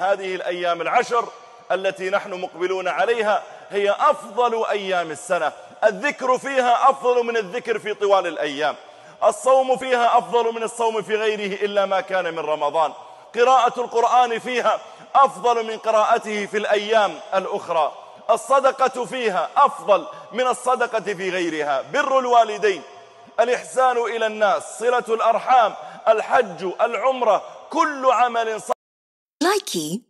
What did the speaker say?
هذه الأيام العشر التي نحن مقبلون عليها هي أفضل أيام السنة الذكر فيها أفضل من الذكر في طوال الأيام الصوم فيها أفضل من الصوم في غيره إلا ما كان من رمضان قراءة القرآن فيها أفضل من قراءته في الأيام الأخرى الصدقة فيها أفضل من الصدقة في غيرها بر الوالدين الإحسان إلى الناس صلة الأرحام الحج العمرة كل عمل صالح Nike